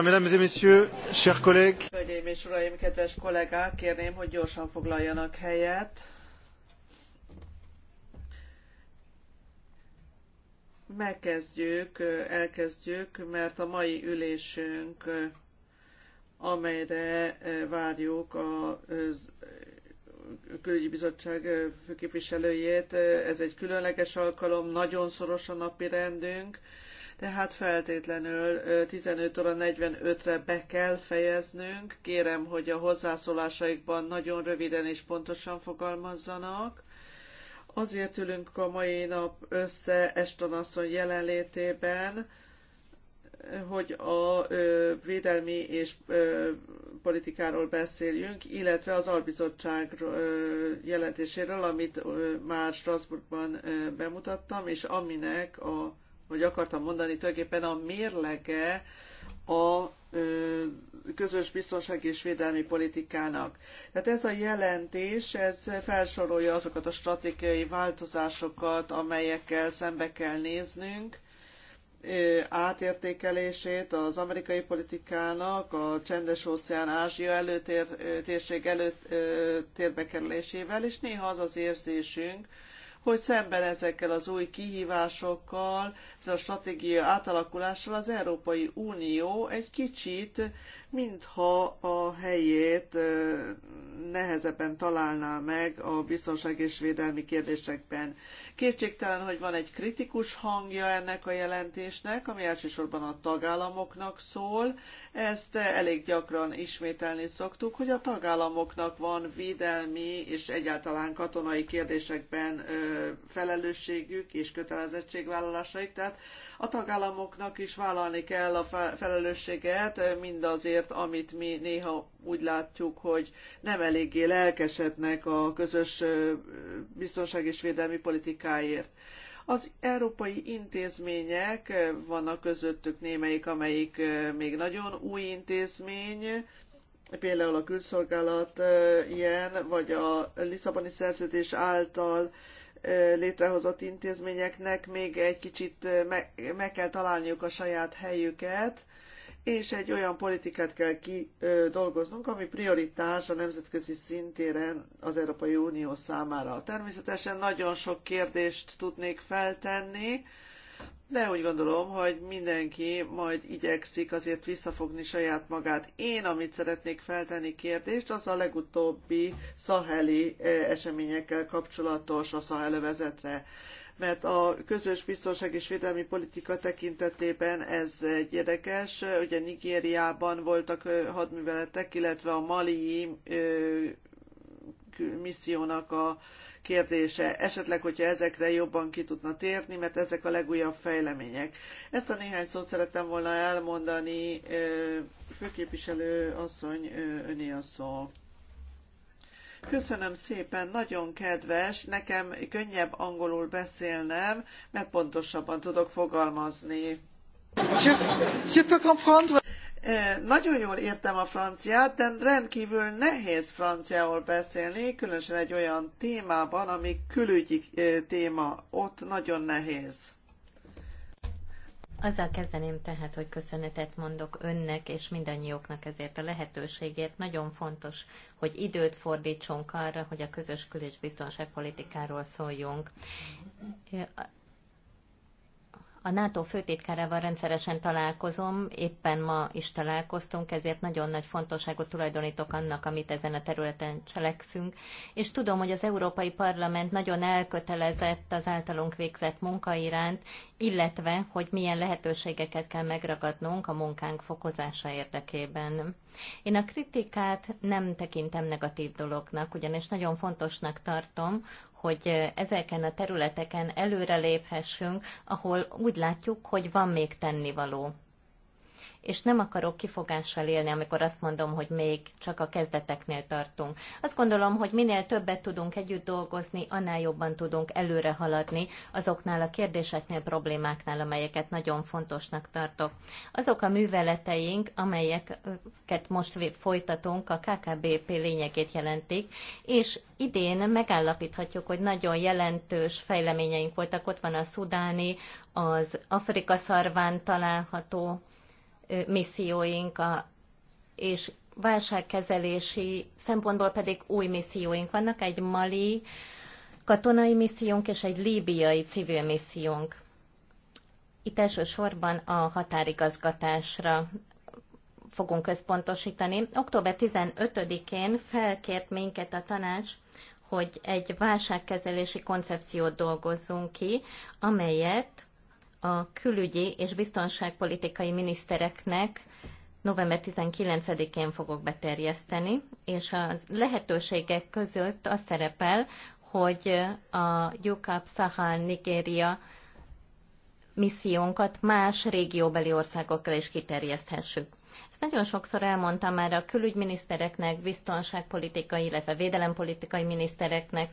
mesdames et messieurs, chers collègues. Hölgyeim és uraim, kedves kollégák, kérném, hogy gyorsan foglaljanak helyet. Megkezdjük, elkezdjük, mert a mai ülésünk, amelyre eh, várjuk a eh, külügyi bizottság eh, főképviselőjét, ez egy különleges alkalom, nagyon szoros a napi rendünk tehát feltétlenül 15 óra 45-re be kell fejeznünk. Kérem, hogy a hozzászólásaikban nagyon röviden és pontosan fogalmazzanak. Azért ülünk a mai nap össze Estonasszony jelenlétében, hogy a védelmi és politikáról beszéljünk, illetve az albizottság jelentéséről, amit már Strasbourgban bemutattam, és aminek a hogy akartam mondani, tulajdonképpen a mérlege a közös biztonsági és védelmi politikának. Tehát ez a jelentés, ez felsorolja azokat a stratégiai változásokat, amelyekkel szembe kell néznünk, átértékelését az amerikai politikának a csendes óceán Ázsia előtér, térség előtérbe kerülésével, és néha az az érzésünk, hogy szemben ezekkel az új kihívásokkal, ezzel a stratégia átalakulással az Európai Unió egy kicsit, mintha a helyét nehezebben találná meg a biztonság és védelmi kérdésekben. Kétségtelen, hogy van egy kritikus hangja ennek a jelentésnek, ami elsősorban a tagállamoknak szól, ezt elég gyakran ismételni szoktuk, hogy a tagállamoknak van védelmi és egyáltalán katonai kérdésekben felelősségük és kötelezettségvállalásaik, tehát a tagállamoknak is vállalni kell a felelősséget mindazért, amit mi néha úgy látjuk, hogy nem eléggé lelkesednek a közös biztonság és védelmi politikáért. Az európai intézmények, vannak közöttük némelyik, amelyik még nagyon új intézmény, például a külszolgálat ilyen, vagy a Lisszaboni szerződés által létrehozott intézményeknek még egy kicsit meg, meg kell találniuk a saját helyüket, és egy olyan politikát kell kidolgoznunk, ami prioritás a nemzetközi szintéren az Európai Unió számára. Természetesen nagyon sok kérdést tudnék feltenni, de úgy gondolom, hogy mindenki majd igyekszik azért visszafogni saját magát. Én, amit szeretnék feltenni kérdést, az a legutóbbi szaheli eseményekkel kapcsolatos a szahelövezetre mert a közös biztonság és védelmi politika tekintetében ez egy érdekes. Ugye Nigériában voltak hadműveletek, illetve a mali missziónak a kérdése. Esetleg, hogyha ezekre jobban ki tudna térni, mert ezek a legújabb fejlemények. Ezt a néhány szót szerettem volna elmondani. Főképviselő asszony, öné a szó. Köszönöm szépen, nagyon kedves, nekem könnyebb angolul beszélnem, mert pontosabban tudok fogalmazni. Je, je eh, Nagyon jól értem a franciát, de rendkívül nehéz franciául beszélni, különösen egy olyan témában, ami külügyi eh, téma. Ott nagyon nehéz. Azzal kezdeném tehát, hogy köszönetet mondok önnek és mindannyiuknak ezért a lehetőségért. Nagyon fontos, hogy időt fordítsunk arra, hogy a közös külés biztonságpolitikáról szóljunk. A NATO főtitkárával rendszeresen találkozom, éppen ma is találkoztunk, ezért nagyon nagy fontosságot tulajdonítok annak, amit ezen a területen cselekszünk, és tudom, hogy az Európai Parlament nagyon elkötelezett az általunk végzett munka iránt, illetve, hogy milyen lehetőségeket kell megragadnunk a munkánk fokozása érdekében. Én a kritikát nem tekintem negatív dolognak, ugyanis nagyon fontosnak tartom, hogy ezeken a területeken előreléphessünk, ahol úgy látjuk, hogy van még tennivaló és nem akarok kifogással élni, amikor azt mondom, hogy még csak a kezdeteknél tartunk. Azt gondolom, hogy minél többet tudunk együtt dolgozni, annál jobban tudunk előre haladni azoknál a kérdéseknél, problémáknál, amelyeket nagyon fontosnak tartok. Azok a műveleteink, amelyeket most folytatunk, a KKBP lényegét jelentik, és idén megállapíthatjuk, hogy nagyon jelentős fejleményeink voltak. Ott van a szudáni, az Afrika szarván található misszióink a, és válságkezelési szempontból pedig új misszióink vannak, egy mali katonai missziónk és egy líbiai civil missziónk. Itt elsősorban a határigazgatásra fogunk központosítani. Október 15-én felkért minket a tanács, hogy egy válságkezelési koncepciót dolgozzunk ki, amelyet a külügyi és biztonságpolitikai minisztereknek november 19-én fogok beterjeszteni, és a lehetőségek között az szerepel, hogy a Yukab Sahal Nigéria missziónkat más régióbeli országokra is kiterjeszthessük. Ezt nagyon sokszor elmondtam már a külügyminisztereknek, biztonságpolitikai, illetve védelempolitikai minisztereknek,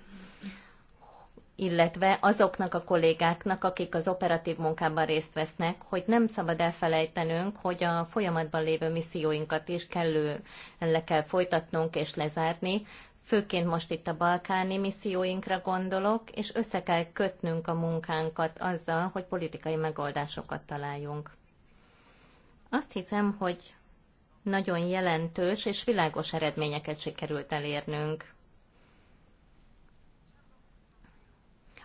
illetve azoknak a kollégáknak, akik az operatív munkában részt vesznek, hogy nem szabad elfelejtenünk, hogy a folyamatban lévő misszióinkat is kellő le kell folytatnunk és lezárni, főként most itt a balkáni misszióinkra gondolok, és össze kell kötnünk a munkánkat azzal, hogy politikai megoldásokat találjunk. Azt hiszem, hogy nagyon jelentős és világos eredményeket sikerült elérnünk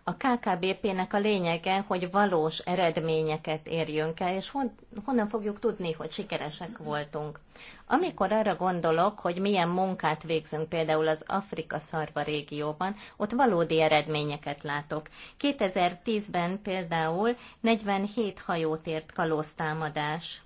A KKBP-nek a lényege, hogy valós eredményeket érjünk el, és hon, honnan fogjuk tudni, hogy sikeresek voltunk. Amikor arra gondolok, hogy milyen munkát végzünk például az Afrika szarva régióban, ott valódi eredményeket látok. 2010-ben például 47 hajót ért kalóztámadás.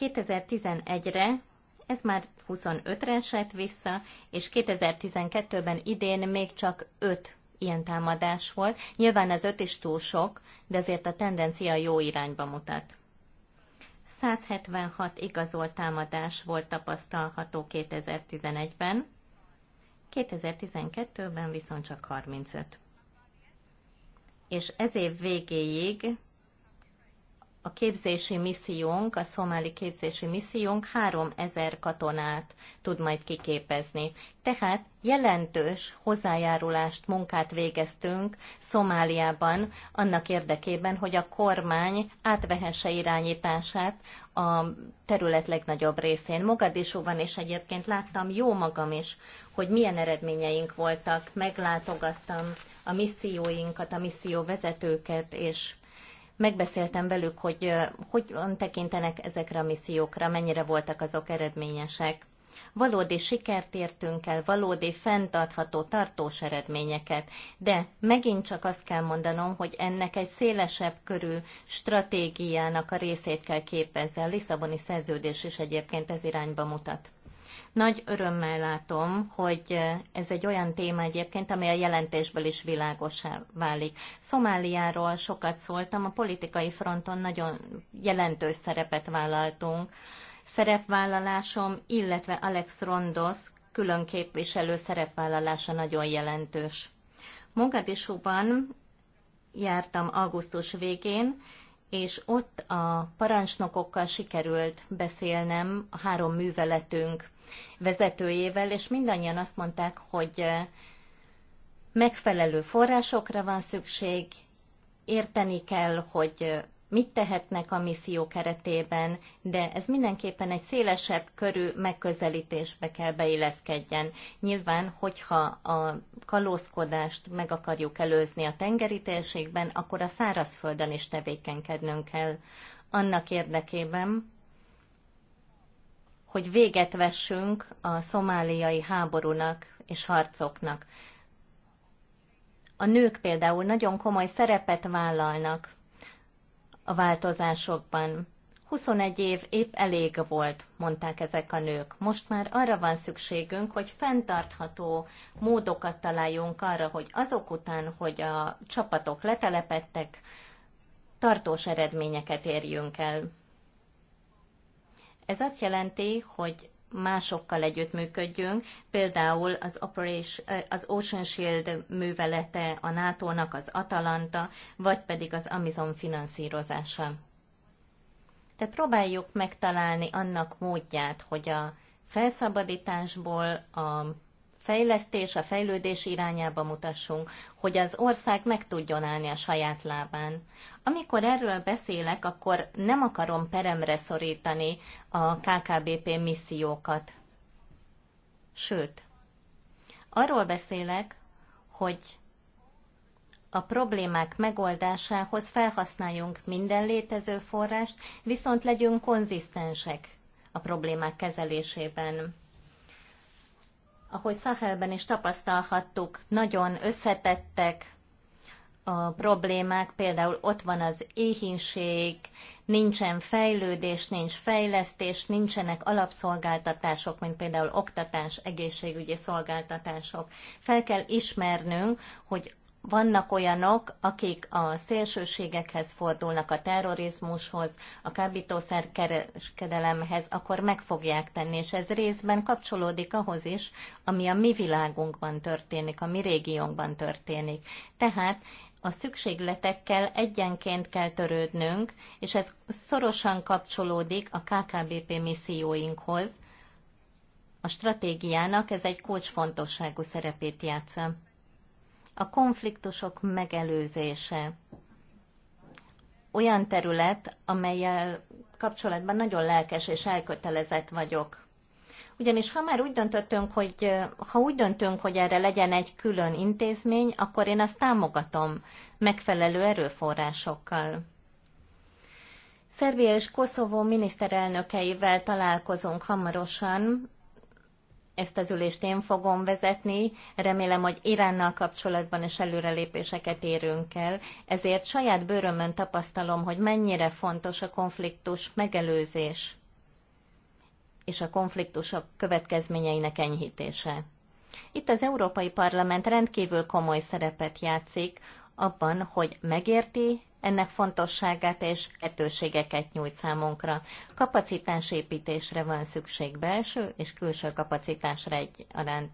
2011-re ez már 25-re esett vissza, és 2012-ben idén még csak 5 ilyen támadás volt. Nyilván ez öt is túl sok, de azért a tendencia jó irányba mutat. 176 igazolt támadás volt tapasztalható 2011-ben, 2012-ben viszont csak 35. És ez év végéig a képzési missziónk, a szomáli képzési missziónk 3000 katonát tud majd kiképezni. Tehát jelentős hozzájárulást, munkát végeztünk Szomáliában annak érdekében, hogy a kormány átvehesse irányítását a terület legnagyobb részén. Mogadisóban és egyébként láttam jó magam is, hogy milyen eredményeink voltak. Meglátogattam a misszióinkat, a misszió vezetőket, és Megbeszéltem velük, hogy hogyan tekintenek ezekre a missziókra, mennyire voltak azok eredményesek. Valódi sikert értünk el, valódi fenntartható tartós eredményeket, de megint csak azt kell mondanom, hogy ennek egy szélesebb körű stratégiának a részét kell képezze. A Lisszaboni szerződés is egyébként ez irányba mutat. Nagy örömmel látom, hogy eh, ez egy olyan téma egyébként, ami a jelentésből is világosá válik. Szomáliáról sokat szóltam, a politikai fronton nagyon jelentős szerepet vállaltunk. Szerepvállalásom, illetve Alex Rondos külön képviselő szerepvállalása nagyon jelentős. Mogadisúban jártam augusztus végén, és ott a parancsnokokkal sikerült beszélnem a három műveletünk vezetőjével, és mindannyian azt mondták, hogy eh, megfelelő forrásokra van szükség, érteni kell, hogy eh, mit tehetnek a misszió keretében, de ez mindenképpen egy szélesebb körű megközelítésbe kell beilleszkedjen. Nyilván, hogyha a kalózkodást meg akarjuk előzni a tengeri térségben, akkor a szárazföldön is tevékenykednünk kell. Annak érdekében, hogy véget vessünk a szomáliai háborúnak és harcoknak. A nők például nagyon komoly szerepet vállalnak a változásokban. 21 év épp elég volt, mondták ezek a nők. Most már arra van szükségünk, hogy fenntartható módokat találjunk arra, hogy azok után, hogy a csapatok letelepettek, tartós eredményeket érjünk el. Ez azt jelenti, hogy másokkal együttműködjünk, például az, Operation, eh, az Ocean Shield művelete a NATO-nak, az Atalanta, vagy pedig az Amazon finanszírozása. Tehát próbáljuk megtalálni annak módját, hogy a felszabadításból, a fejlesztés, a fejlődés irányába mutassunk, hogy az ország meg tudjon állni a saját lábán. Amikor erről beszélek, akkor nem akarom peremre szorítani a KKBP missziókat. Sőt, arról beszélek, hogy a problémák megoldásához felhasználjunk minden létező forrást, viszont legyünk konzisztensek a problémák kezelésében ahogy Szahelben is tapasztalhattuk, nagyon összetettek a problémák, például ott van az éhínség, nincsen fejlődés, nincs fejlesztés, nincsenek alapszolgáltatások, mint például oktatás, egészségügyi szolgáltatások. Fel kell ismernünk, hogy vannak olyanok, akik a szélsőségekhez fordulnak, a terrorizmushoz, a kábítószerkereskedelemhez, akkor meg fogják tenni, és ez részben kapcsolódik ahhoz is, ami a mi világunkban történik, a mi régiónkban történik. Tehát a szükségletekkel egyenként kell törődnünk, és ez szorosan kapcsolódik a KKBP misszióinkhoz. A stratégiának ez egy kulcsfontosságú szerepét játsza. A konfliktusok megelőzése olyan terület, amelyel kapcsolatban nagyon lelkes és elkötelezett vagyok. Ugyanis ha már úgy döntöttünk, hogy ha úgy döntünk, hogy erre legyen egy külön intézmény, akkor én azt támogatom megfelelő erőforrásokkal. Szerbia és Koszovó miniszterelnökeivel találkozunk hamarosan, ezt az ülést én fogom vezetni, remélem, hogy Iránnal kapcsolatban is előrelépéseket érünk el, ezért saját bőrömön tapasztalom, hogy mennyire fontos a konfliktus megelőzés és a konfliktusok következményeinek enyhítése. Itt az Európai Parlament rendkívül komoly szerepet játszik abban, hogy megérti ennek fontosságát és lehetőségeket nyújt számunkra. Kapacitásépítésre van szükség belső és külső kapacitásra egyaránt.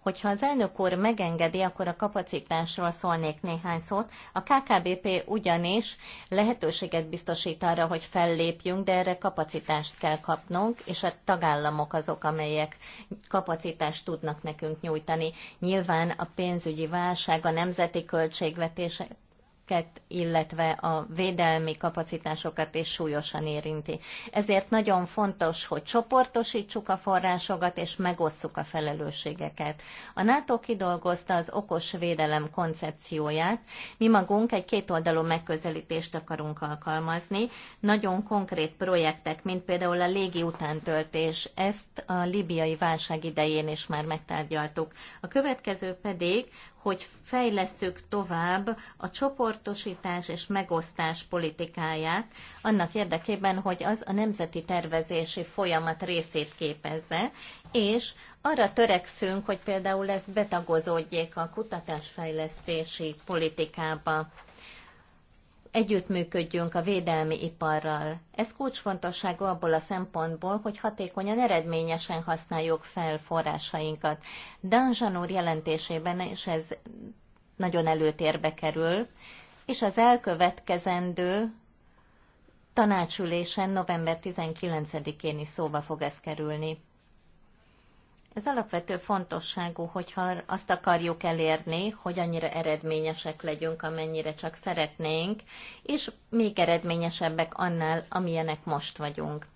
Hogyha az elnök úr megengedi, akkor a kapacitásról szólnék néhány szót. A KKBP ugyanis lehetőséget biztosít arra, hogy fellépjünk, de erre kapacitást kell kapnunk, és a tagállamok azok, amelyek kapacitást tudnak nekünk nyújtani. Nyilván a pénzügyi válság a nemzeti költségvetések értéket, illetve a védelmi kapacitásokat is súlyosan érinti. Ezért nagyon fontos, hogy csoportosítsuk a forrásokat és megosszuk a felelősségeket. A NATO kidolgozta az okos védelem koncepcióját. Mi magunk egy kétoldalú megközelítést akarunk alkalmazni. Nagyon konkrét projektek, mint például a légi utántöltés, ezt a libiai válság idején is már megtárgyaltuk. A következő pedig, hogy fejleszük tovább a csoportosítás és megosztás politikáját, annak érdekében, hogy az a nemzeti tervezési folyamat részét képezze, és arra törekszünk, hogy például ez betagozódjék a kutatásfejlesztési politikába együttműködjünk a védelmi iparral. Ez kulcsfontosságú abból a szempontból, hogy hatékonyan, eredményesen használjuk fel forrásainkat. Danzsan úr jelentésében, és ez nagyon előtérbe kerül, és az elkövetkezendő tanácsülésen november 19-én is szóba fog ez kerülni. Ez alapvető fontosságú, hogyha azt akarjuk elérni, hogy annyira eredményesek legyünk, amennyire csak szeretnénk, és még eredményesebbek annál, amilyenek most vagyunk.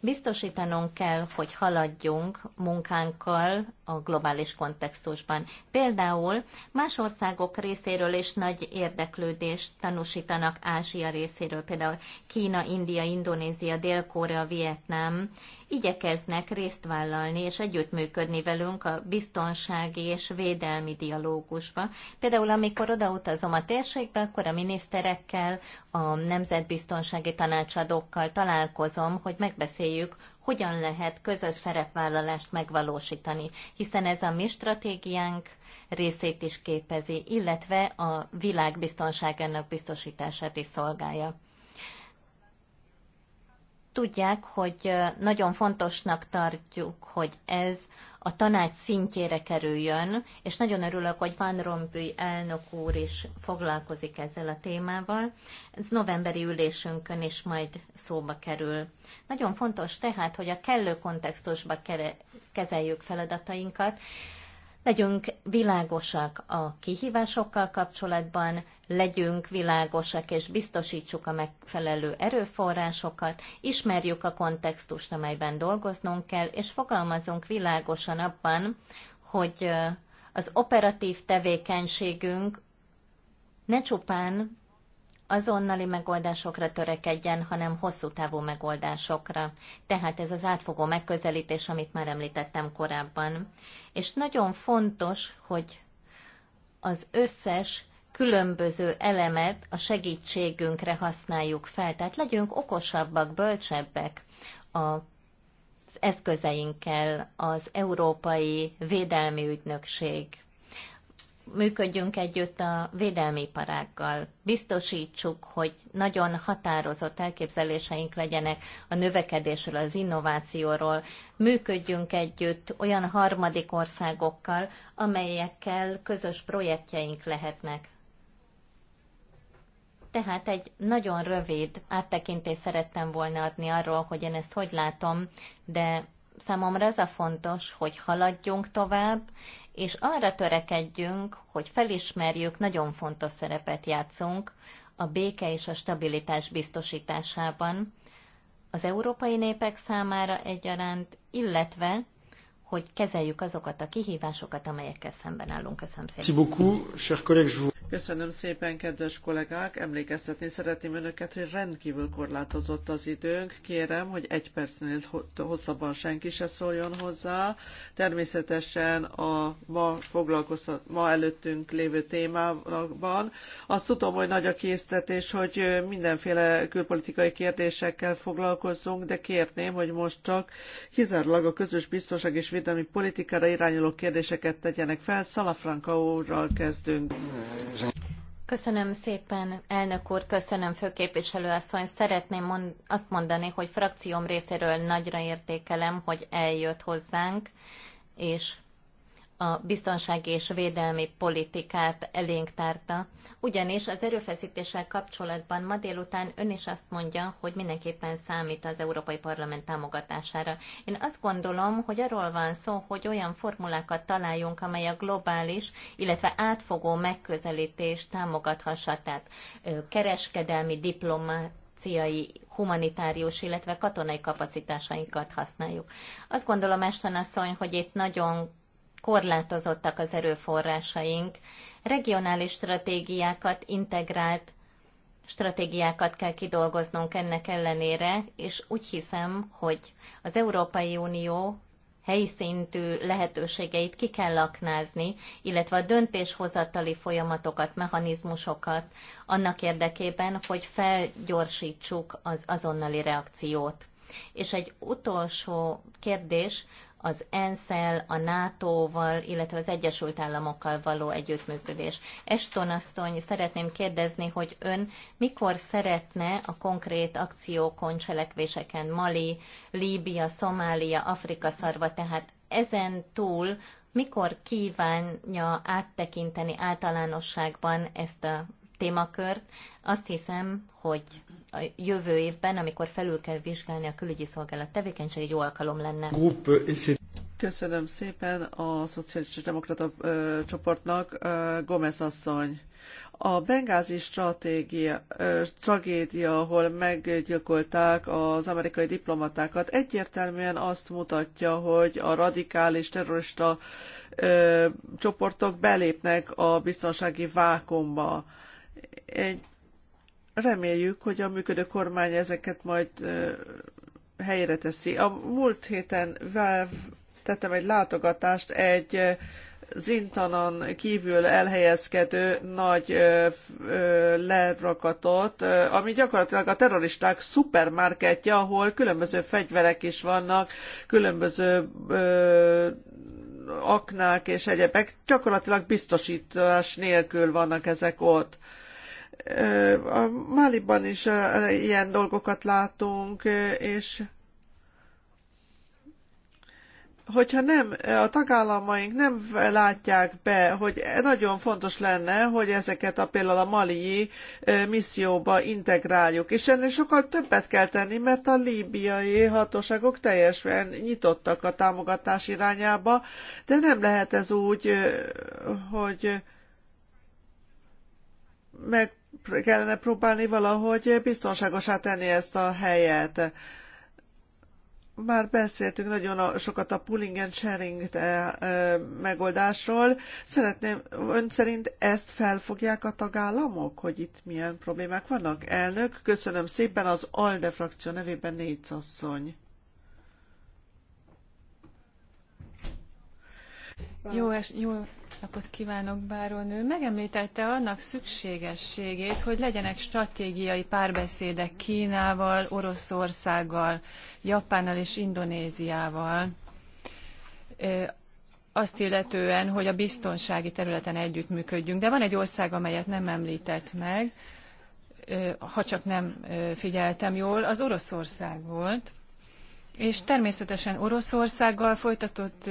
Biztosítanunk kell, hogy haladjunk munkánkkal, a globális kontextusban. Például más országok részéről is nagy érdeklődést tanúsítanak Ázsia részéről, például Kína, India, Indonézia, Dél-Korea, Vietnám igyekeznek részt vállalni és együttműködni velünk a biztonsági és védelmi dialógusba. Például amikor odautazom a térségbe, akkor a miniszterekkel, a nemzetbiztonsági tanácsadókkal találkozom, hogy megbeszéljük, hogyan lehet közös szerepvállalást megvalósítani, hiszen ez a mi stratégiánk részét is képezi, illetve a világ biztonságának biztosítását is szolgálja tudják, hogy nagyon fontosnak tartjuk, hogy ez a tanács szintjére kerüljön, és nagyon örülök, hogy Van Rompuy elnök úr is foglalkozik ezzel a témával. Ez novemberi ülésünkön is majd szóba kerül. Nagyon fontos tehát, hogy a kellő kontextusba kezeljük feladatainkat, Legyünk világosak a kihívásokkal kapcsolatban, legyünk világosak és biztosítsuk a megfelelő erőforrásokat, ismerjük a kontextust, amelyben dolgoznunk kell, és fogalmazunk világosan abban, hogy az operatív tevékenységünk ne csupán azonnali megoldásokra törekedjen, hanem hosszú távú megoldásokra. Tehát ez az átfogó megközelítés, amit már említettem korábban. És nagyon fontos, hogy az összes különböző elemet a segítségünkre használjuk fel. Tehát legyünk okosabbak, bölcsebbek a eszközeinkkel az Európai Védelmi Ügynökség működjünk együtt a védelmi iparággal. Biztosítsuk, hogy nagyon határozott elképzeléseink legyenek a növekedésről, az innovációról. Működjünk együtt olyan harmadik országokkal, amelyekkel közös projektjeink lehetnek. Tehát egy nagyon rövid áttekintést szerettem volna adni arról, hogy én ezt hogy látom, de számomra ez a fontos, hogy haladjunk tovább, és arra törekedjünk, hogy felismerjük, nagyon fontos szerepet játszunk a béke és a stabilitás biztosításában az európai népek számára egyaránt, illetve hogy kezeljük azokat a kihívásokat, amelyekkel szemben állunk. Köszönöm szépen. Köszönöm szépen, kedves kollégák! Emlékeztetni szeretném önöket, hogy rendkívül korlátozott az időnk. Kérem, hogy egy percnél hosszabban senki se szóljon hozzá. Természetesen a ma foglalkoztat, ma előttünk lévő témában. Azt tudom, hogy nagy a késztetés, hogy mindenféle külpolitikai kérdésekkel foglalkozzunk, de kérném, hogy most csak kizárólag a közös biztonság és védelmi politikára irányuló kérdéseket tegyenek fel. Salafranca úrral kezdünk. Köszönöm szépen, elnök úr, köszönöm főképviselő asszony. Szeretném mond, azt mondani, hogy frakcióm részéről nagyra értékelem, hogy eljött hozzánk, és a biztonsági és védelmi politikát elénk tárta, ugyanis az erőfeszítéssel kapcsolatban ma délután ön is azt mondja, hogy mindenképpen számít az Európai Parlament támogatására. Én azt gondolom, hogy arról van szó, hogy olyan formulákat találjunk, amely a globális, illetve átfogó megközelítést támogathassa, tehát kereskedelmi diplomát, diplomáciai, humanitárius, illetve katonai kapacitásainkat használjuk. Azt gondolom, Esten asszony, hogy itt nagyon korlátozottak az erőforrásaink. Regionális stratégiákat, integrált stratégiákat kell kidolgoznunk ennek ellenére, és úgy hiszem, hogy az Európai Unió helyi szintű lehetőségeit ki kell laknázni, illetve a döntéshozatali folyamatokat, mechanizmusokat annak érdekében, hogy felgyorsítsuk az azonnali reakciót. És egy utolsó kérdés, az ensz a NATO-val, illetve az Egyesült Államokkal való együttműködés. Eston asszony, szeretném kérdezni, hogy ön mikor szeretne a konkrét akciókon, cselekvéseken Mali, Líbia, Szomália, Afrika szarva, tehát ezen túl mikor kívánja áttekinteni általánosságban ezt a témakört. Azt hiszem, hogy a jövő évben, amikor felül kell vizsgálni a külügyi szolgálat tevékenység, egy alkalom lenne. Köszönöm szépen a Szociális Demokrata ö, csoportnak, ö, Gomez asszony. A bengázi stratégia, ö, tragédia, ahol meggyilkolták az amerikai diplomatákat, egyértelműen azt mutatja, hogy a radikális terrorista ö, csoportok belépnek a biztonsági vákumba. Ö, egy, reméljük, hogy a működő kormány ezeket majd helyre teszi. A múlt héten tettem egy látogatást egy Zintanon kívül elhelyezkedő nagy lerakatot, ami gyakorlatilag a terroristák szupermarketje, ahol különböző fegyverek is vannak, különböző aknák és egyebek, gyakorlatilag biztosítás nélkül vannak ezek ott. Ö, a Máliban is ilyen dolgokat látunk, és hogyha nem, a tagállamaink nem látják be, hogy nagyon fontos lenne, hogy ezeket a például a mali misszióba integráljuk, és ennél sokkal többet kell tenni, mert a líbiai hatóságok teljesen nyitottak a támogatás irányába, de nem lehet ez úgy, hogy meg kellene próbálni valahogy biztonságosá tenni ezt a helyet. Már beszéltünk nagyon sokat a pooling and sharing eh, eh, megoldásról. Szeretném, ön szerint ezt felfogják a tagállamok, hogy itt milyen problémák vannak? Elnök, köszönöm szépen az ALDE frakció nevében négy asszony. Jó, es, jó napot kívánok, Báronő! Megemlítette annak szükségességét, hogy legyenek stratégiai párbeszédek Kínával, Oroszországgal, Japánnal és Indonéziával. Azt illetően, hogy a biztonsági területen együttműködjünk. De van egy ország, amelyet nem említett meg, ha csak nem figyeltem jól, az Oroszország volt és természetesen Oroszországgal folytatott,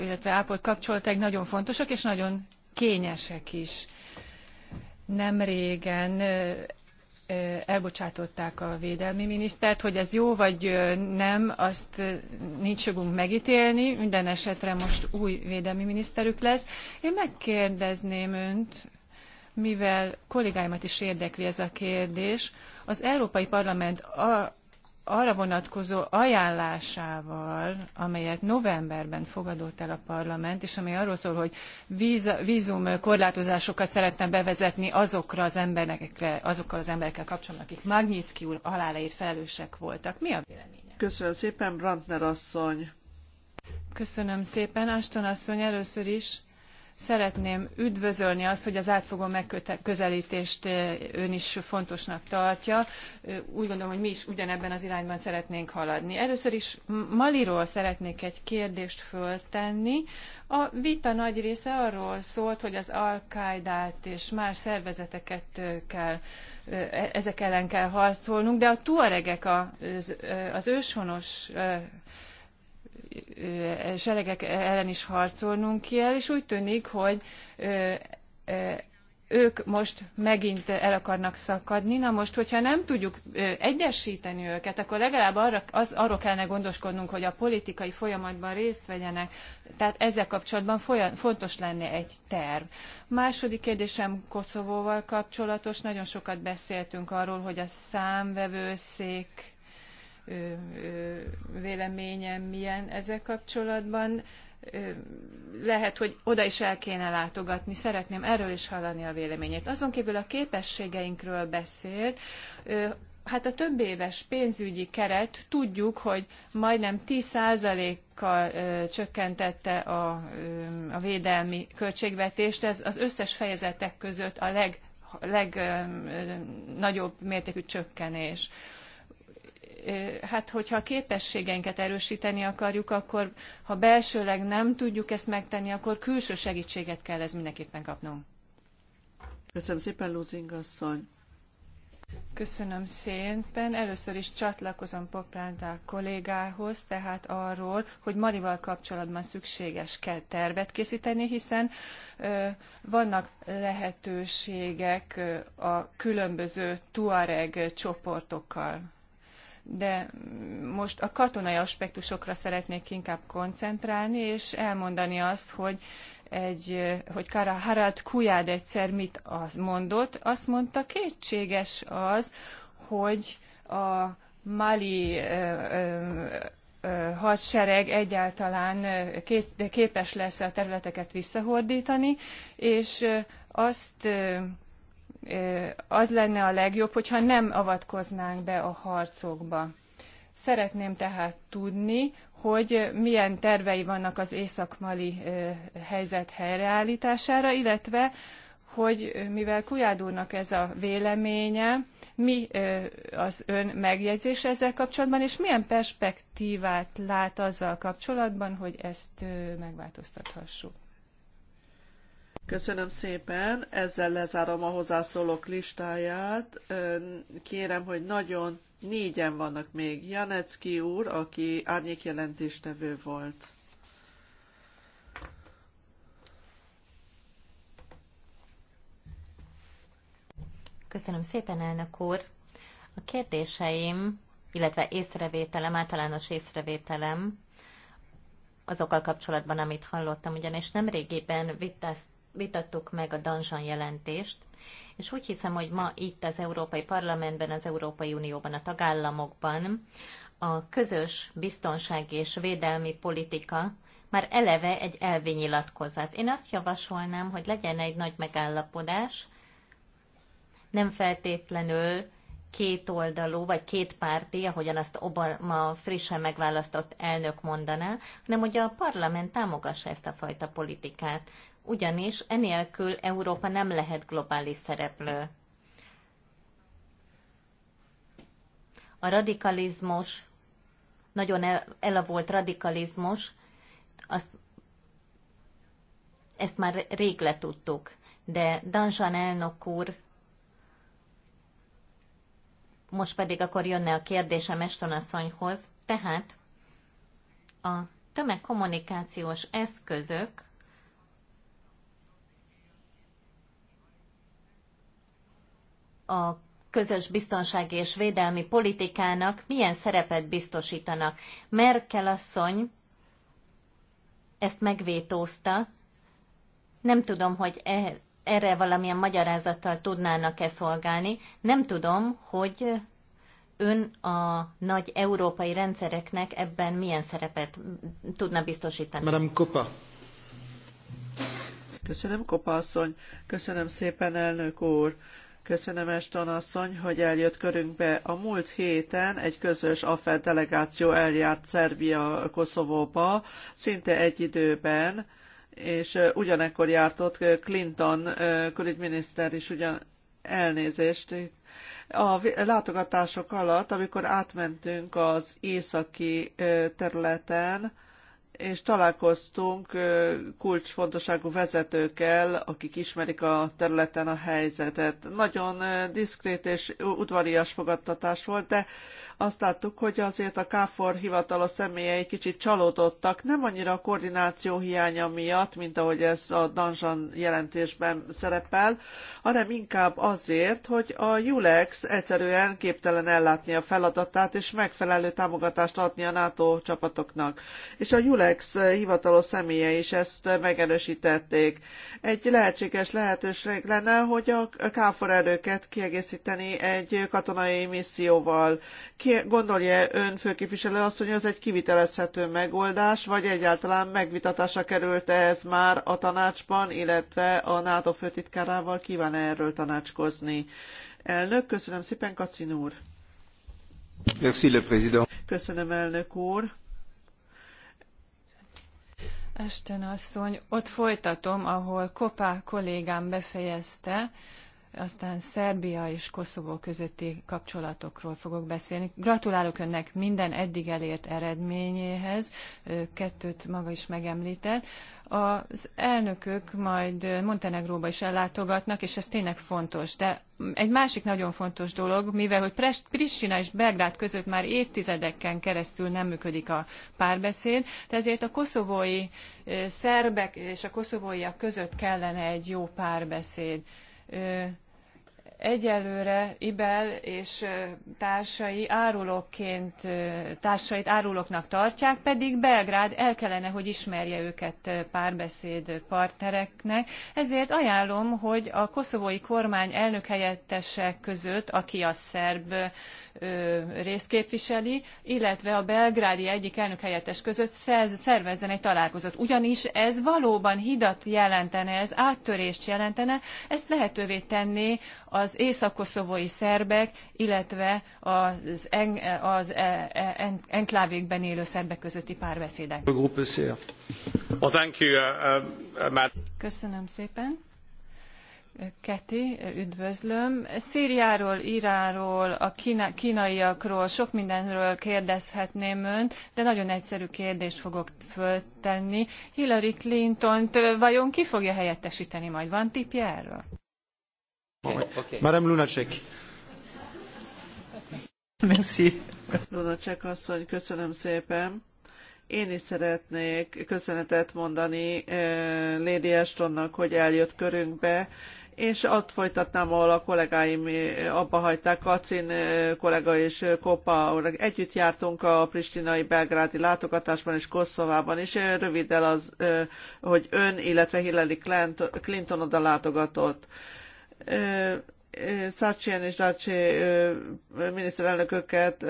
illetve ápolt kapcsolataik nagyon fontosak és nagyon kényesek is. Nem régen elbocsátották a védelmi minisztert, hogy ez jó vagy nem, azt nincs jogunk megítélni, minden esetre most új védelmi miniszterük lesz. Én megkérdezném önt, mivel kollégáimat is érdekli ez a kérdés, az Európai Parlament a arra vonatkozó ajánlásával, amelyet novemberben fogadott el a parlament, és amely arról szól, hogy víz, vízum korlátozásokat szeretne bevezetni azokra az emberekre, azokkal az emberekkel kapcsolatban, akik Magnitsky úr haláláért felelősek voltak. Mi a véleménye? Köszönöm szépen, Brandner asszony. Köszönöm szépen, Aston asszony, először is Szeretném üdvözölni azt, hogy az átfogó megközelítést eh, ön is fontosnak tartja. Eh, úgy gondolom, hogy mi is ugyanebben az irányban szeretnénk haladni. Először is Maliról szeretnék egy kérdést föltenni. A vita nagy része arról szólt, hogy az Al-Qaidát és más szervezeteket eh, kell, e- ezek ellen kell harcolnunk, de a tuaregek, az, az őshonos seregek ellen is harcolnunk kell, és úgy tűnik, hogy ők most megint el akarnak szakadni. Na most, hogyha nem tudjuk egyesíteni őket, akkor legalább arra, az, arról kellene gondoskodnunk, hogy a politikai folyamatban részt vegyenek. Tehát ezzel kapcsolatban folyan, fontos lenne egy terv. Második kérdésem Koszovóval kapcsolatos. Nagyon sokat beszéltünk arról, hogy a számvevőszék véleményem milyen ezzel kapcsolatban. Lehet, hogy oda is el kéne látogatni, szeretném erről is hallani a véleményét. Azon kívül a képességeinkről beszélt, hát a több éves pénzügyi keret tudjuk, hogy majdnem 10%-kal csökkentette a, a védelmi költségvetést. Ez az összes fejezetek között a leg, legnagyobb mértékű csökkenés hát hogyha a képességeinket erősíteni akarjuk, akkor ha belsőleg nem tudjuk ezt megtenni, akkor külső segítséget kell ez mindenképpen kapnunk. Köszönöm szépen, Lúzing asszony. Köszönöm szépen. Először is csatlakozom Poplántál kollégához, tehát arról, hogy Marival kapcsolatban szükséges kell tervet készíteni, hiszen ö, vannak lehetőségek a különböző Tuareg csoportokkal de most a katonai aspektusokra szeretnék inkább koncentrálni, és elmondani azt, hogy egy, hogy Kara Harald Kujád egyszer mit az mondott, azt mondta, kétséges az, hogy a Mali ö, ö, ö, hadsereg egyáltalán két, képes lesz a területeket visszahordítani, és azt az lenne a legjobb, hogyha nem avatkoznánk be a harcokba. Szeretném tehát tudni, hogy milyen tervei vannak az észak helyzet helyreállítására, illetve hogy mivel Kujád ez a véleménye, mi az ön megjegyzés ezzel kapcsolatban, és milyen perspektívát lát azzal kapcsolatban, hogy ezt megváltoztathassuk? Köszönöm szépen, ezzel lezárom a hozzászólók listáját. Kérem, hogy nagyon négyen vannak még. Janecki úr, aki jelentéstevő volt. Köszönöm szépen, elnök úr. A kérdéseim, illetve észrevételem, általános észrevételem azokkal kapcsolatban, amit hallottam, ugyanis nem régiben vitáztunk vitattuk meg a Danzsan jelentést, és úgy hiszem, hogy ma itt az Európai Parlamentben, az Európai Unióban, a tagállamokban a közös biztonság és védelmi politika már eleve egy elvi nyilatkozat. Én azt javasolnám, hogy legyen egy nagy megállapodás, nem feltétlenül kétoldalú, vagy két párti, ahogyan azt Obama frissen megválasztott elnök mondaná, hanem hogy a parlament támogassa ezt a fajta politikát ugyanis enélkül Európa nem lehet globális szereplő. A radikalizmus, nagyon elavult radikalizmus, azt, ezt már rég letudtuk, de Danzsan elnök úr most pedig akkor jönne a kérdésem Estonasszonyhoz. Tehát a tömegkommunikációs eszközök a közös biztonsági és védelmi politikának milyen szerepet biztosítanak. Merkel asszony ezt megvétózta. Nem tudom, hogy e, erre valamilyen magyarázattal tudnának-e szolgálni. Nem tudom, hogy ön a nagy európai rendszereknek ebben milyen szerepet tudna biztosítani. Madame Kopa. Köszönöm, Kopa asszony. Köszönöm szépen, elnök úr. Köszönöm, Eston asszony, hogy eljött körünkbe. A múlt héten egy közös AFED delegáció eljárt Szerbia-Koszovóba, szinte egy időben, és ugyanekkor járt ott Clinton külügyminiszter is ugyan elnézést. A látogatások alatt, amikor átmentünk az északi területen, és találkoztunk kulcsfontosságú vezetőkkel, akik ismerik a területen a helyzetet. Nagyon diszkrét és udvarias fogadtatás volt, de azt láttuk, hogy azért a KFOR hivatalos személyei kicsit csalódottak, nem annyira a koordináció hiánya miatt, mint ahogy ez a Danzsan jelentésben szerepel, hanem inkább azért, hogy a Julex egyszerűen képtelen ellátni a feladatát és megfelelő támogatást adni a NATO csapatoknak. És a Julex hivatalos személyei is ezt megerősítették. Egy lehetséges lehetőség lenne, hogy a KFOR erőket kiegészíteni egy katonai misszióval gondolja ön főképviselő asszony, hogy ez egy kivitelezhető megoldás, vagy egyáltalán megvitatásra került -e ez már a tanácsban, illetve a NATO főtitkárával kíván -e erről tanácskozni? Elnök, köszönöm szépen, Kacin úr. Merci, le président. Köszönöm, elnök úr. Esten asszony, ott folytatom, ahol Kopá kollégám befejezte aztán Szerbia és Koszovó közötti kapcsolatokról fogok beszélni. Gratulálok önnek minden eddig elért eredményéhez, kettőt maga is megemlített. Az elnökök majd Montenegróba is ellátogatnak, és ez tényleg fontos. De egy másik nagyon fontos dolog, mivel hogy Prest, Pristina és Belgrád között már évtizedeken keresztül nem működik a párbeszéd, de ezért a koszovói szerbek és a koszovóiak között kellene egy jó párbeszéd egyelőre Ibel és társai árulóként, társait árulóknak tartják, pedig Belgrád el kellene, hogy ismerje őket párbeszéd partnereknek. Ezért ajánlom, hogy a koszovói kormány elnökhelyettese között, aki a szerb részt képviseli, illetve a belgrádi egyik elnökhelyettes között szervezzen egy találkozót. Ugyanis ez valóban hidat jelentene, ez áttörést jelentene, ezt lehetővé tenné az észak-koszovói szerbek, illetve az, en, az en, e- en, enklávékben élő szerbek közötti párbeszédek. Uh, uh, Köszönöm szépen. Keti, üdvözlöm. Szíriáról, Iránról, a kína, kínaiakról, sok mindenről kérdezhetném önt, de nagyon egyszerű kérdést fogok föltenni. Hillary clinton vajon ki fogja helyettesíteni majd? Van tippje erről? Madame Lunacek. Merci. Lunacek asszony, köszönöm szépen. Én is szeretnék köszönetet mondani eh, Lady Ashtonnak, hogy eljött körünkbe, és ott folytatnám, ahol a kollégáim eh, abba hagyták, Kacin eh, kollega és Kopa együtt jártunk a pristinai belgrádi látogatásban és Koszovában is, röviddel az, hogy ön, illetve Hillary Clinton oda látogatott. Szacsien és Dacsi miniszterelnököket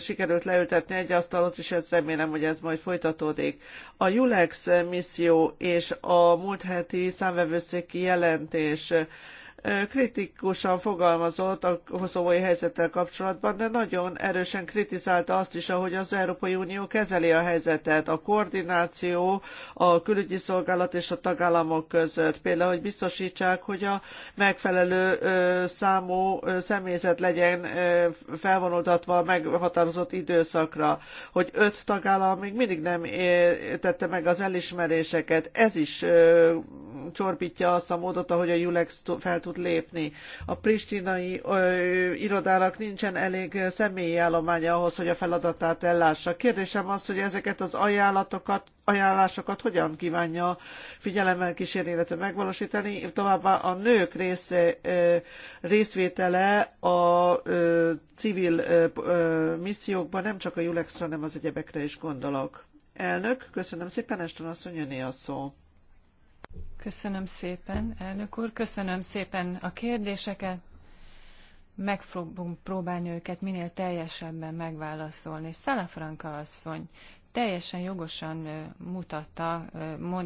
sikerült leültetni egy asztalhoz, és ez remélem, hogy ez majd folytatódik. A Julex misszió és a múlt heti számvevőszéki jelentés kritikusan fogalmazott a koszovói helyzettel kapcsolatban, de nagyon erősen kritizálta azt is, ahogy az Európai Unió kezeli a helyzetet, a koordináció a külügyi szolgálat és a tagállamok között. Például, hogy biztosítsák, hogy a megfelelő számú személyzet legyen felvonultatva a meghatározott időszakra, hogy öt tagállam még mindig nem tette meg az elismeréseket. Ez is csorbítja azt a módot, ahogy a Julex fel tud lépni. A pristinai irodának nincsen elég személyi állománya ahhoz, hogy a feladatát ellássa. Kérdésem az, hogy ezeket az ajánlatokat, ajánlásokat hogyan kívánja figyelemmel kísérni, illetve megvalósítani. Továbbá a nők része, részvétele a civil missziókban nem csak a Julexra, hanem az egyebekre is gondolok. Elnök, köszönöm szépen, Eston asszony, a szó. Köszönöm szépen, elnök úr. Köszönöm szépen a kérdéseket. Meg fogunk próbálni őket minél teljesebben megválaszolni. Szalafranka asszony teljesen jogosan mutatta,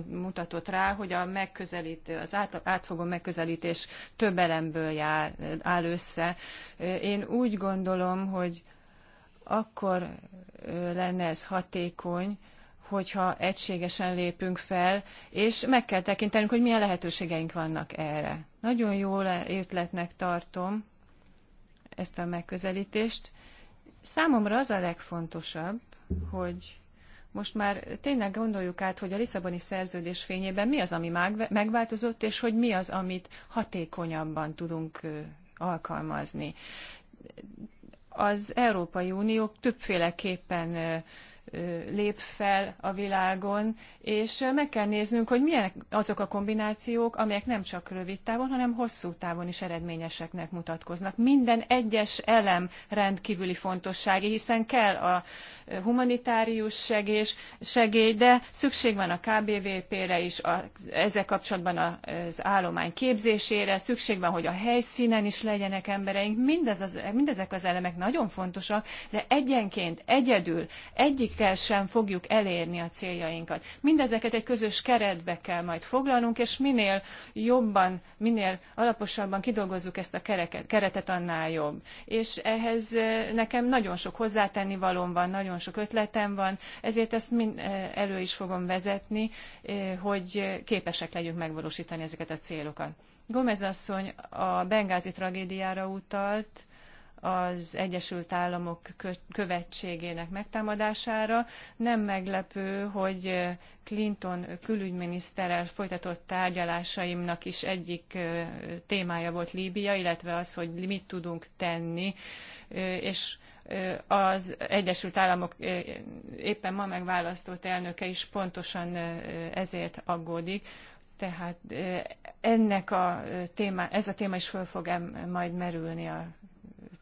mutatott rá, hogy a megközelítő, az át, átfogó megközelítés több elemből jár, áll össze. Én úgy gondolom, hogy akkor lenne ez hatékony, hogyha egységesen lépünk fel, és meg kell tekintenünk, hogy milyen lehetőségeink vannak erre. Nagyon jó ötletnek tartom ezt a megközelítést. Számomra az a legfontosabb, hogy most már tényleg gondoljuk át, hogy a Lisszaboni szerződés fényében mi az, ami megváltozott, és hogy mi az, amit hatékonyabban tudunk alkalmazni. Az Európai Unió többféleképpen lép fel a világon, és meg kell néznünk, hogy milyenek azok a kombinációk, amelyek nem csak rövid távon, hanem hosszú távon is eredményeseknek mutatkoznak. Minden egyes elem rendkívüli fontossági, hiszen kell a humanitárius segés, segély, de szükség van a KBVP-re is, a, ezzel kapcsolatban az állomány képzésére, szükség van, hogy a helyszínen is legyenek embereink. Mindez az, mindezek az elemek nagyon fontosak, de egyenként, egyedül, egyik ezekkel sem fogjuk elérni a céljainkat. Mindezeket egy közös keretbe kell majd foglalnunk, és minél jobban, minél alaposabban kidolgozzuk ezt a kereket, keretet, annál jobb. És ehhez eh, nekem nagyon sok hozzátenni van, nagyon sok ötletem van, ezért ezt mind, eh, elő is fogom vezetni, eh, hogy képesek legyünk megvalósítani ezeket a célokat. Gomez asszony a bengázi tragédiára utalt, az Egyesült Államok követségének megtámadására. Nem meglepő, hogy Clinton külügyminiszterrel folytatott tárgyalásaimnak is egyik témája volt Líbia, illetve az, hogy mit tudunk tenni, és az Egyesült Államok éppen ma megválasztott elnöke is pontosan ezért aggódik. Tehát ennek a téma, ez a téma is föl fog majd merülni a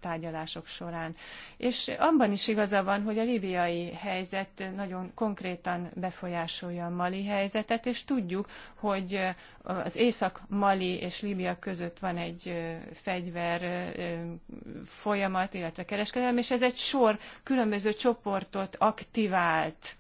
tárgyalások során. És abban is igaza van, hogy a libiai helyzet nagyon konkrétan befolyásolja a mali helyzetet, és tudjuk, hogy az Észak-Mali és Líbia között van egy fegyver folyamat, illetve kereskedelem, és ez egy sor különböző csoportot aktivált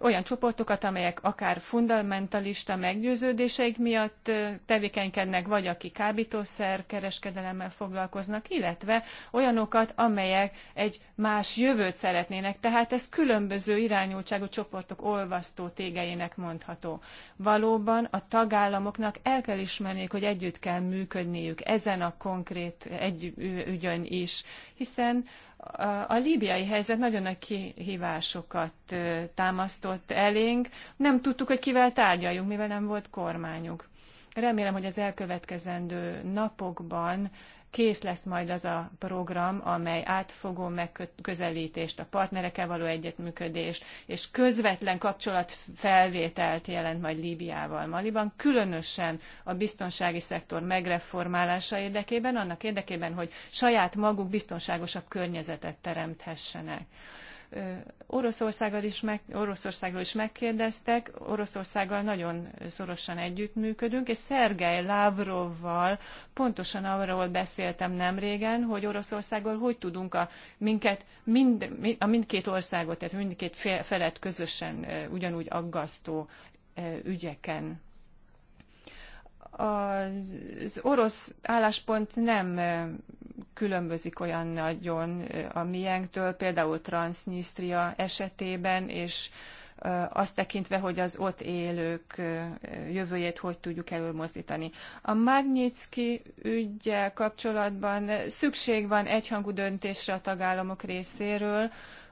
olyan csoportokat, amelyek akár fundamentalista meggyőződéseik miatt tevékenykednek, vagy akik kábítószer kereskedelemmel foglalkoznak, illetve olyanokat, amelyek egy más jövőt szeretnének. Tehát ez különböző irányultságú csoportok olvasztó tégeinek mondható. Valóban a tagállamoknak el kell ismerniük, hogy együtt kell működniük ezen a konkrét egy ügyön is, hiszen a líbiai helyzet nagyon nagy kihívásokat támasztott elénk. Nem tudtuk, hogy kivel tárgyaljunk, mivel nem volt kormányuk. Remélem, hogy az elkövetkezendő napokban Kész lesz majd az a program, amely átfogó megközelítést, a partnerekkel való együttműködést és közvetlen kapcsolatfelvételt jelent majd Líbiával, Maliban, különösen a biztonsági szektor megreformálása érdekében, annak érdekében, hogy saját maguk biztonságosabb környezetet teremthessenek. Oroszországgal is meg, Oroszországról is megkérdeztek, Oroszországgal nagyon szorosan együttműködünk, és Szergej Lavrovval pontosan arról beszéltem nem régen, hogy Oroszországgal hogy tudunk a, minket, mind, a mindkét országot, tehát mindkét felett közösen ugyanúgy aggasztó ügyeken az orosz álláspont nem különbözik olyan nagyon a miénktől, például Transnistria esetében, és azt tekintve, hogy az ott élők jövőjét hogy tudjuk előmozdítani. A Magnitsky ügyel kapcsolatban szükség van egyhangú döntésre a tagállamok részéről,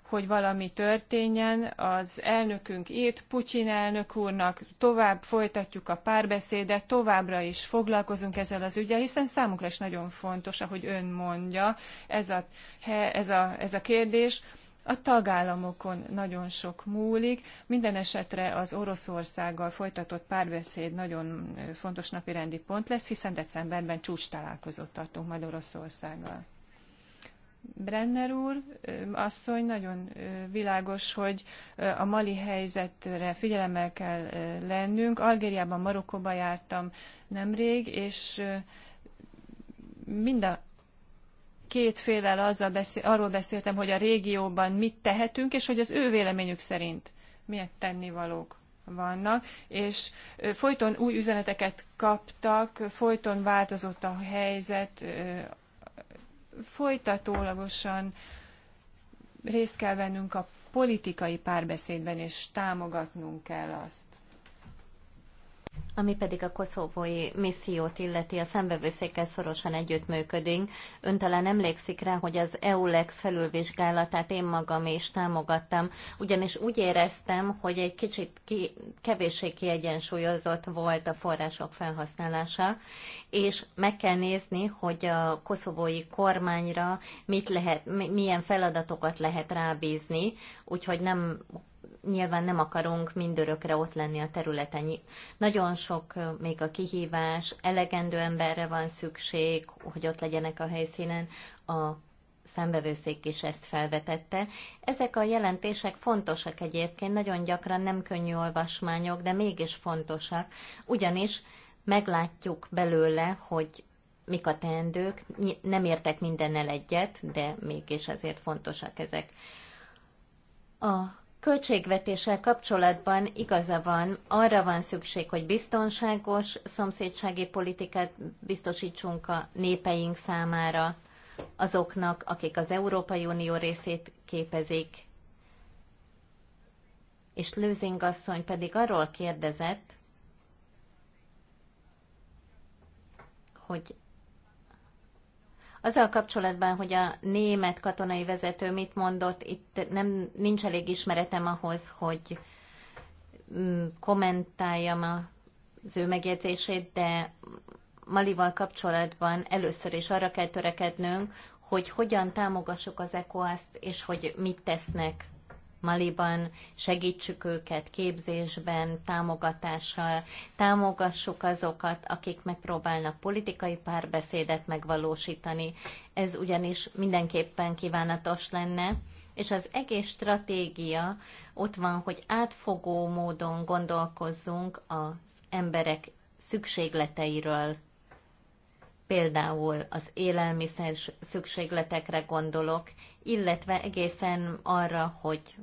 hogy valami történjen. Az elnökünk írt Putyin elnök úrnak, tovább folytatjuk a párbeszédet, továbbra is foglalkozunk ezzel az ügyel, hiszen számunkra is nagyon fontos, ahogy ön mondja, ez a, ez a, ez a kérdés. A tagállamokon nagyon sok múlik, minden esetre az Oroszországgal folytatott párbeszéd nagyon fontos napirendi pont lesz, hiszen decemberben csúcs találkozót tartunk majd Oroszországgal. Brenner úr, asszony, nagyon világos, hogy a mali helyzetre figyelemmel kell lennünk. Algériában, Marokkóban jártam nemrég, és mind a két félel azzal beszél, arról beszéltem, hogy a régióban mit tehetünk, és hogy az ő véleményük szerint milyen tennivalók vannak, és folyton új üzeneteket kaptak, folyton változott a helyzet, folytatólagosan részt kell vennünk a politikai párbeszédben, és támogatnunk kell azt. Ami pedig a koszovói missziót illeti, a szembevőszékkel szorosan együttműködünk. Ön talán emlékszik rá, hogy az EULEX felülvizsgálatát én magam is támogattam, ugyanis úgy éreztem, hogy egy kicsit ki, kevéssé kiegyensúlyozott volt a források felhasználása, és meg kell nézni, hogy a koszovói kormányra mit lehet, milyen feladatokat lehet rábízni, úgyhogy nem nyilván nem akarunk mindörökre ott lenni a területen. Nagyon sok még a kihívás, elegendő emberre van szükség, hogy ott legyenek a helyszínen. A szembevőszék is ezt felvetette. Ezek a jelentések fontosak egyébként, nagyon gyakran nem könnyű olvasmányok, de mégis fontosak, ugyanis meglátjuk belőle, hogy mik a teendők, nem értek mindennel egyet, de mégis azért fontosak ezek. A költségvetéssel kapcsolatban igaza van, arra van szükség, hogy biztonságos szomszédsági politikát biztosítsunk a népeink számára, azoknak, akik az Európai Unió részét képezik. És Lőzing asszony pedig arról kérdezett, hogy azzal kapcsolatban, hogy a német katonai vezető mit mondott, itt nem, nincs elég ismeretem ahhoz, hogy mm, kommentáljam az ő megjegyzését, de Malival kapcsolatban először is arra kell törekednünk, hogy hogyan támogassuk az ECOAS-t, és hogy mit tesznek Maliban, segítsük őket képzésben, támogatással, támogassuk azokat, akik megpróbálnak politikai párbeszédet megvalósítani. Ez ugyanis mindenképpen kívánatos lenne, és az egész stratégia ott van, hogy átfogó módon gondolkozzunk az emberek szükségleteiről például az élelmiszer szükségletekre gondolok, illetve egészen arra, hogy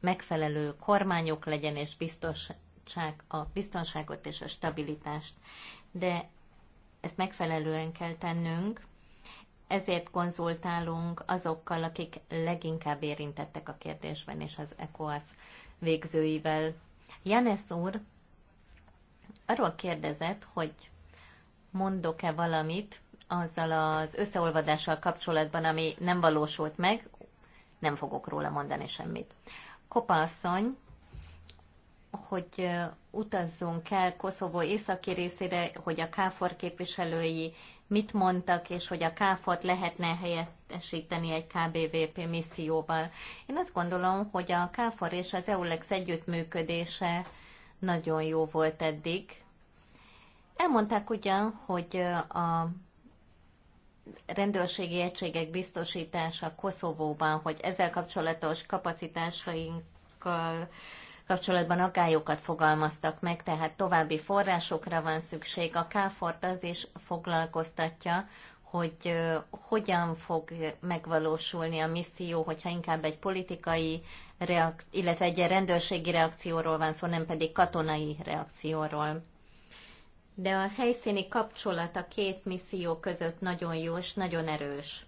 megfelelő kormányok legyen és biztonság, a biztonságot és a stabilitást. De ezt megfelelően kell tennünk, ezért konzultálunk azokkal, akik leginkább érintettek a kérdésben, és az ECOAS végzőivel. Janes úr arról kérdezett, hogy mondok-e valamit azzal az összeolvadással kapcsolatban, ami nem valósult meg, nem fogok róla mondani semmit. Kopa asszony, hogy utazzunk el Koszovó északi részére, hogy a KFOR képviselői mit mondtak, és hogy a KFOR-t lehetne helyettesíteni egy KBVP misszióval. Én azt gondolom, hogy a KFOR és az EULEX együttműködése nagyon jó volt eddig, Elmondták ugyan, hogy a rendőrségi egységek biztosítása Koszovóban, hogy ezzel kapcsolatos kapacitásainkkal kapcsolatban aggályokat fogalmaztak meg, tehát további forrásokra van szükség. A Káfort az is foglalkoztatja, hogy hogyan fog megvalósulni a misszió, hogyha inkább egy politikai, reakció, illetve egy rendőrségi reakcióról van szó, nem pedig katonai reakcióról de a helyszíni kapcsolat a két misszió között nagyon jó és nagyon erős.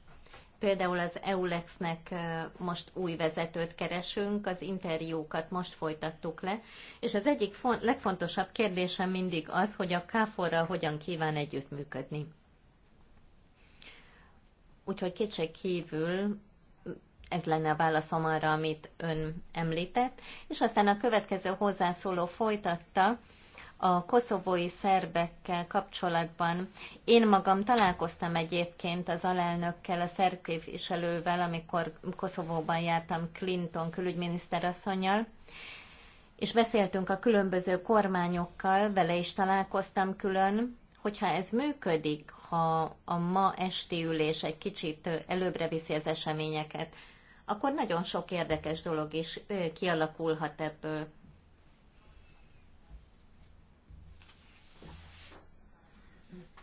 Például az EULEX-nek most új vezetőt keresünk, az interjúkat most folytattuk le, és az egyik legfontosabb kérdésem mindig az, hogy a KFOR-ral hogyan kíván együttműködni. Úgyhogy kétség kívül ez lenne a válaszom arra, amit ön említett. És aztán a következő hozzászóló folytatta, a koszovói szerbekkel kapcsolatban. Én magam találkoztam egyébként az alelnökkel, a szerb képviselővel, amikor Koszovóban jártam Clinton külügyminiszterasszonyjal, és beszéltünk a különböző kormányokkal, vele is találkoztam külön, hogyha ez működik, ha a ma esti ülés egy kicsit előbbre viszi az eseményeket, akkor nagyon sok érdekes dolog is kialakulhat ebből.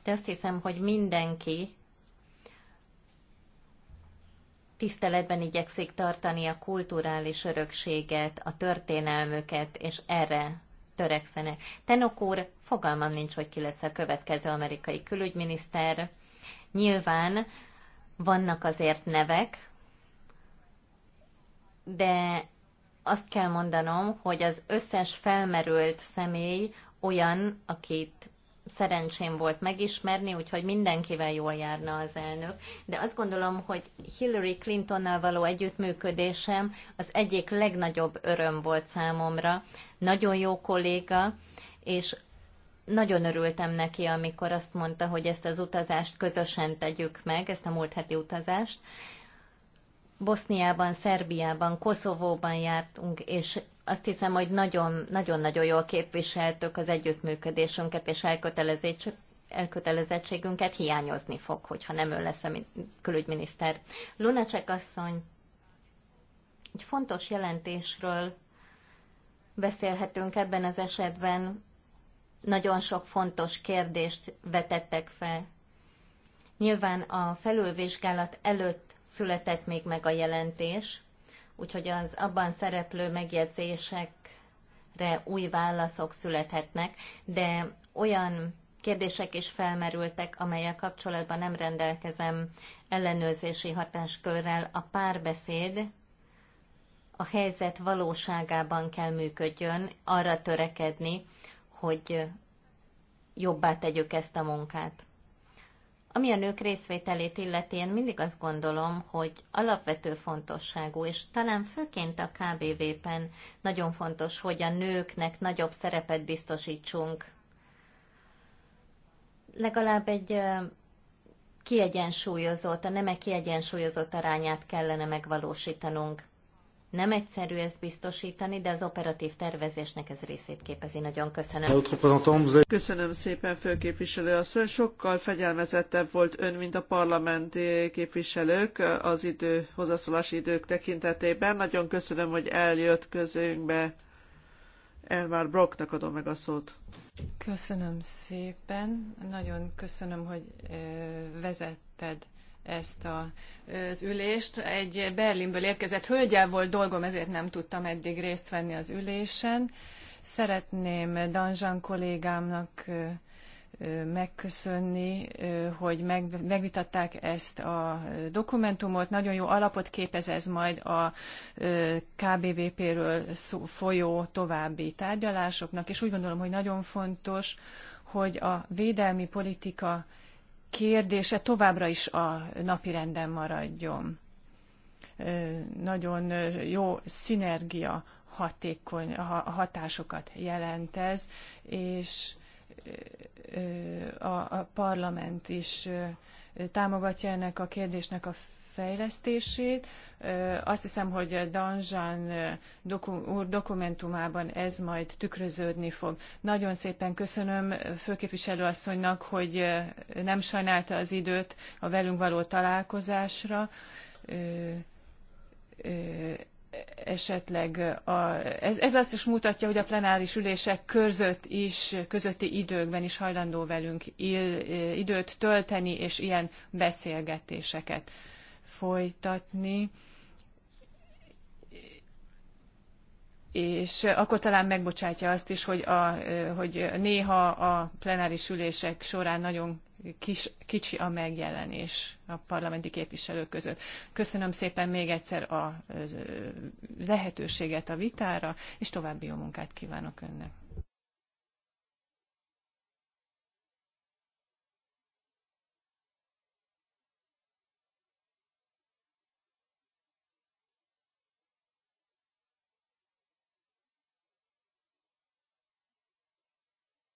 de azt hiszem, hogy mindenki tiszteletben igyekszik tartani a kulturális örökséget, a történelmüket, és erre törekszenek. Tenok úr, fogalmam nincs, hogy ki lesz a következő amerikai külügyminiszter. Nyilván vannak azért nevek, de azt kell mondanom, hogy az összes felmerült személy olyan, akit szerencsém volt megismerni, úgyhogy mindenkivel jól járna az elnök. De azt gondolom, hogy Hillary Clintonnal való együttműködésem az egyik legnagyobb öröm volt számomra. Nagyon jó kolléga, és nagyon örültem neki, amikor azt mondta, hogy ezt az utazást közösen tegyük meg, ezt a múlt heti utazást. Boszniában, Szerbiában, Koszovóban jártunk, és azt hiszem, hogy nagyon-nagyon jól képviseltük az együttműködésünket és elkötelezettségünket, hiányozni fog, hogyha nem ő lesz a külügyminiszter. Lunacek asszony, egy fontos jelentésről beszélhetünk ebben az esetben. Nagyon sok fontos kérdést vetettek fel. Nyilván a felülvizsgálat előtt született még meg a jelentés, úgyhogy az abban szereplő megjegyzésekre új válaszok születhetnek, de olyan kérdések is felmerültek, amelyek kapcsolatban nem rendelkezem ellenőrzési hatáskörrel. A párbeszéd a helyzet valóságában kell működjön, arra törekedni, hogy jobbá tegyük ezt a munkát. Ami a nők részvételét illeti, én mindig azt gondolom, hogy alapvető fontosságú, és talán főként a KBV-ben nagyon fontos, hogy a nőknek nagyobb szerepet biztosítsunk. Legalább egy kiegyensúlyozott, a nemek kiegyensúlyozott arányát kellene megvalósítanunk. Nem egyszerű ezt biztosítani, de az operatív tervezésnek ez részét képezi. Nagyon köszönöm. Köszönöm szépen, főképviselő asszony. Sokkal fegyelmezettebb volt ön, mint a parlamenti képviselők az idő, hozzászólási idők tekintetében. Nagyon köszönöm, hogy eljött közünkbe. Elmar Brocknak adom meg a szót. Köszönöm szépen. Nagyon köszönöm, hogy eh, vezetted ezt a, az ülést. Egy Berlinből érkezett hölgyel volt dolgom, ezért nem tudtam eddig részt venni az ülésen. Szeretném Danzsán kollégámnak megköszönni, hogy megvitatták ezt a dokumentumot. Nagyon jó alapot képez ez majd a KBVP-ről folyó további tárgyalásoknak, és úgy gondolom, hogy nagyon fontos, hogy a védelmi politika kérdése továbbra is a napirenden maradjon. Nagyon jó szinergia hatékony hatásokat jelent ez, és a, a parlament is támogatja ennek a kérdésnek a fejlesztését. Azt hiszem, hogy Danzsán úr dokumentumában ez majd tükröződni fog. Nagyon szépen köszönöm főképviselő asszonynak, hogy nem sajnálta az időt a velünk való találkozásra esetleg a, ez, ez azt is mutatja, hogy a plenáris ülések között is, közötti időkben is hajlandó velünk il, időt tölteni, és ilyen beszélgetéseket folytatni, és akkor talán megbocsátja azt is, hogy, a, hogy néha a plenáris ülések során nagyon kis, kicsi a megjelenés a parlamenti képviselők között. Köszönöm szépen még egyszer a lehetőséget a vitára, és további jó munkát kívánok önnek.